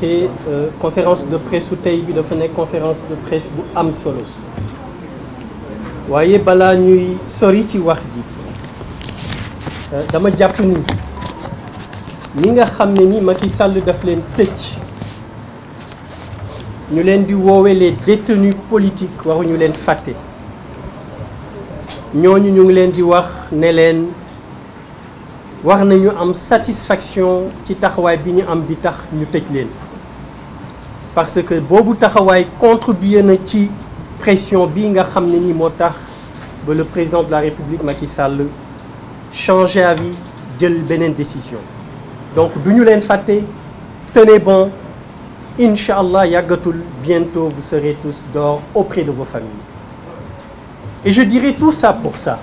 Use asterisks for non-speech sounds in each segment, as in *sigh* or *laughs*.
fekkee euh, conférence de presse su tey bi dafa nekk conférence de presse bu am solo waaye balaa ñuy sori ci wax ji euh, dama jàpp ni ñi nga xam ne ni Macky Sall daf leen tëj ñu leen di woowe les détenus politiques waruñu leen fàtte ñooñu ñu ngi leen di wax ne leen wax nañu am satisfaction ci taxawaay bi ñu am bi tax ñu tëj leen parce que boobu taxawaay contribuer na ci pression bi nga xam ne ni moo tax ba le président de la république Macky Sall changer avis jël beneen décision donc du ñu leen fàtte tenez bon incha allah yàggatul bientôt vous serez tous dehors auprès de vos familles et je dirais tout ça pour ça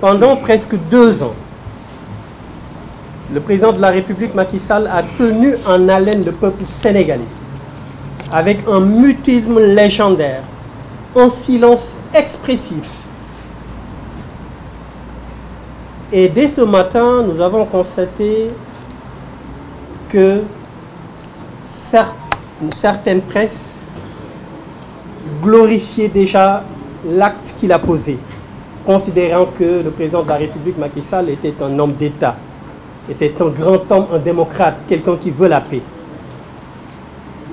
pendant presque deux ans le président de la République Macky Sall a tenu en haleine le peuple sénégalais avec un mutisme légendaire, un silence expressif. Et dès ce matin, nous avons constaté que certes, une certaine presse glorifiait déjà l'acte qu'il a posé, considérant que le président de la République Macky Sall était un homme d'État. était un grand homme, un démocrate, quelqu'un qui veut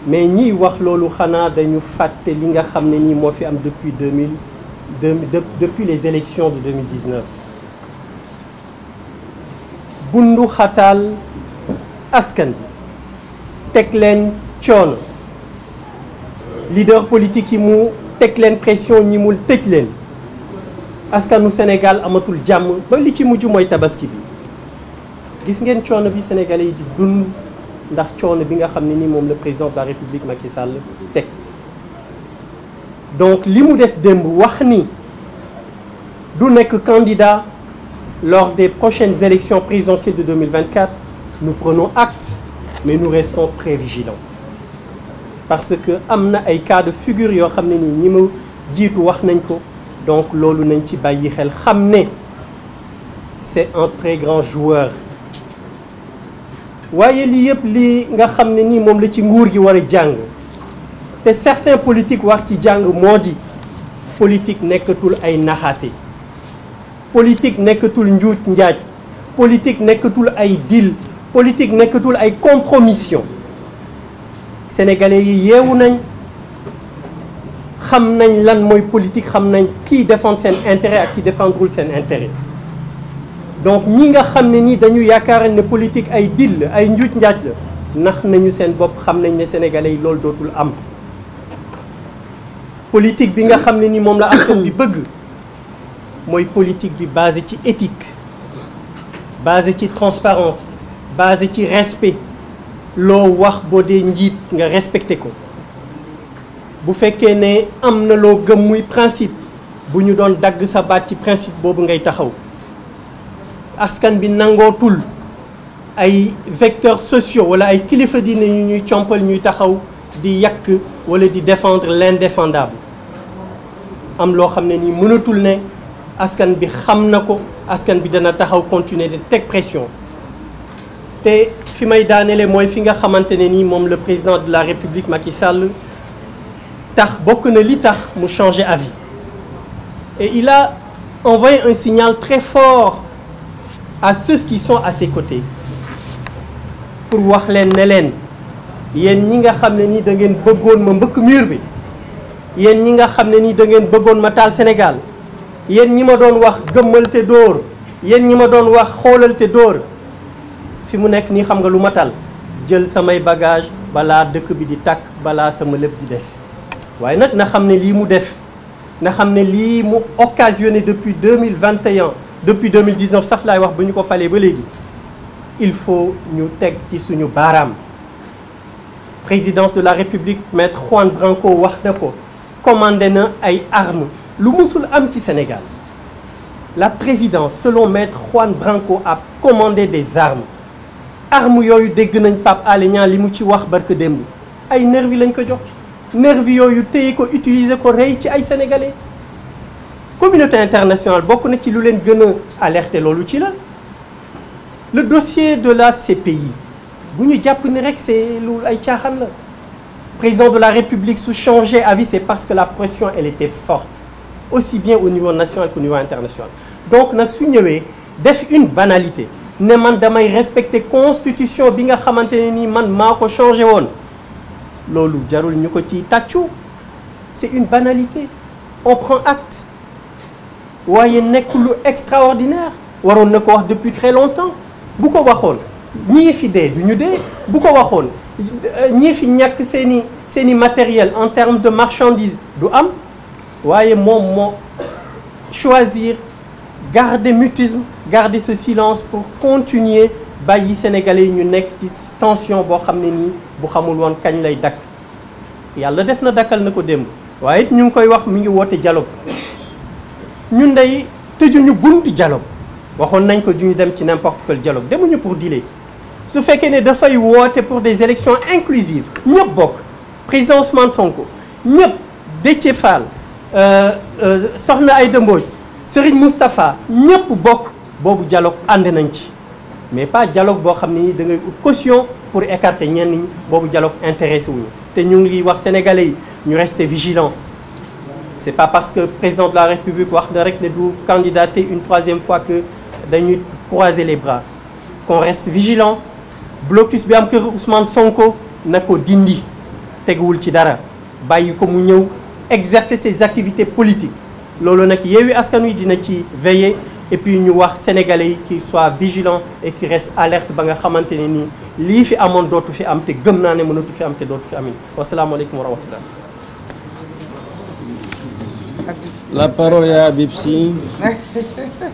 mais ñiy wax loolu xanaa dañu fàtte li nga xam ne nii moo fi am depuis 2000 depuis les élections de 2019 bundu xataal askan bi teg leen coono leader politique yi mu teg leen pression ñi mu tëj leen askanu Sénégal amatul jàmm ba li ci mujj mooy tabaski bi gis ngeen coono bi Sénégalais yi di dund ndax coono bi nga xam ne ni moom la président de la république Macky Sall teg donc li mu def démb wax ni du nekk candidat lors des prochaines élections présidentielles de 2024 nous prenons acte mais nous restons très vigilants parce que am na ay cas de figure yoo xam ne ni ñi ma jiitu wax nañ ko donc loolu nañ ci bàyyi xel xam ne c'est un très grand joueur waaye lii yëpp lii nga xam ne nii moom la ci nguur gi war a jàng te certains politiques wax ci jàng moo di politique nekkatul ay naxaate politique nekkatul njuuj njaaj politique nekkatul ay deal politique nekkatul ay compromission sénégalais yi yeewu nañ xam nañ lan mooy politique xam nañ kii défendre seen intérêt ak kii défendrul seen intérêt donc ñi nga xam ne nii dañu yaakaaral ne politique ay dil la ay njuuj njaaj la nax nañu seen bopp xam nañ ne sénégalais yi loolu dootul am politique bi nga xam ne nii moom la askan bi bëgg mooy politique bi basé ci éthique basé ci transparence basé ci respect loo wax boo dee njiit nga respecté ko bu fekkee ne am na loo gëm muy principe bu ñu doon dagg sa baat ci principe boobu ngay taxaw askan bi nangootul ay vecteurs sociaux wala ay kilifa diine yu ñuy compal ñuy taxaw di yàq wala di défendre l'indéfendable am loo xam ne nii mënatul ne askan bi xam na ko askan bi dana taxaw continuer de teg pression te fi may daanele mooy fi nga xamante ne nii moom le président de la république Macky Sall tax bokk na li tax mu changer avis et il a envoyé un signal très fort à ceux qui sont à ses pour wax leen ne leen yéen ñi nga xam ne nii da ngeen bëggoon ma mbëkk miir bi yéen ñi nga xam ne nii da ngeen bëggoon ma taal Sénégal yéen ñi ma doon wax gëmmal te dóor yéen ñi ma doon wax xoolal te dóor fi mu nekk nii xam nga lu ma tal jël samay bagage balaa dëkk bi di tàkk balaa sama lépp di des waaye nag na xam ne lii mu def na xam ne lii mu occasionné depuis 2021 depuis 2019 sax laay wax bu ñu ko falee ba léegi il faut ñu teg ci suñu baaraam présidence de la république maître Juan Branco wax na ko commandé na ay armes lu musul am ci Sénégal la présidence selon maître Juan Branco a commandé des armes armes yooyu dégg nañ pap Alé Niang li mu ci wax barke démb ay nervi lañ ko jox nervi yooyu téye ko utiliser ko rey ci ay sénégalais communauté internationale bokk na ci lu leen gën a alerté loolu ci la le dossier de la CPI bu ñu jàpp ni rek c'est lu ay caaxaan la président de la République su changé avis c'est parce que la pression elle était forte aussi bien au niveau national qu'au niveau international donc nag su ñëwee def une banalité ne man damay respecté constitution bi nga xamante ne nii man maa ko changé woon loolu jarul ñu ko ci tàccu c'est une banalité on prend acte waaye nekk lu extraordinaire waroon na ko wax depuis très longtemps bu ko waxoon ñii fi dee du ñu dee bu ko waxoon ñii fi ñàkk seeni seeni matériel en termes de marchandise du am waaye moom moo choisir garder mutisme garder ce silence pour continuer bàyyi sénégalais yi ñu nekk ci tension boo xam ne nii bu xamul woon kañ lay dakk yàlla def na dakkal na ko démb waaye ñu ngi koy wax mu ngi woote dialogue ñun day tëjuñu buntu dialogue waxoon nañ ko duñu dem ci n'importe quel dialogue demuñu pour dealer su fekkee ne dafay woote pour des élections inclusives ñëpp bokk président Ousmane Sonko ñëpp Déthié Fall euh, euh, Soxna ay Mbodj Serigne Moustapha ñëpp bokk boobu dialogue ànd nañ ci mais pas dialogue boo xam ne ni da ngay ut caution pour écarter ñenn ñi boobu dialogue intéressé wuñu te ñu ngi wax sénégalais yi ñu rester vigilant c'est pas parce que président de la république wax na rek ne du candidater une troisième fois que dañuy croiser les bras qu'on reste vigilant blocus bi am kër Ousmane Sonko na ko dindi teguwul ci dara bàyyi ko mu ñëw exercer ses activités politiques loolu nag Yewwi Askan Wi dina ci veiller et puis ñu wax sénégalais yi qui soit vigilant et qui reste alerte ba nga xamante ne nii lii fi amoon dootu fi am te gëm naa ne mënatu fi am te dootu fi amin wasalaamaaleykum wa rahmatullah La parole est à Bipsi. *laughs*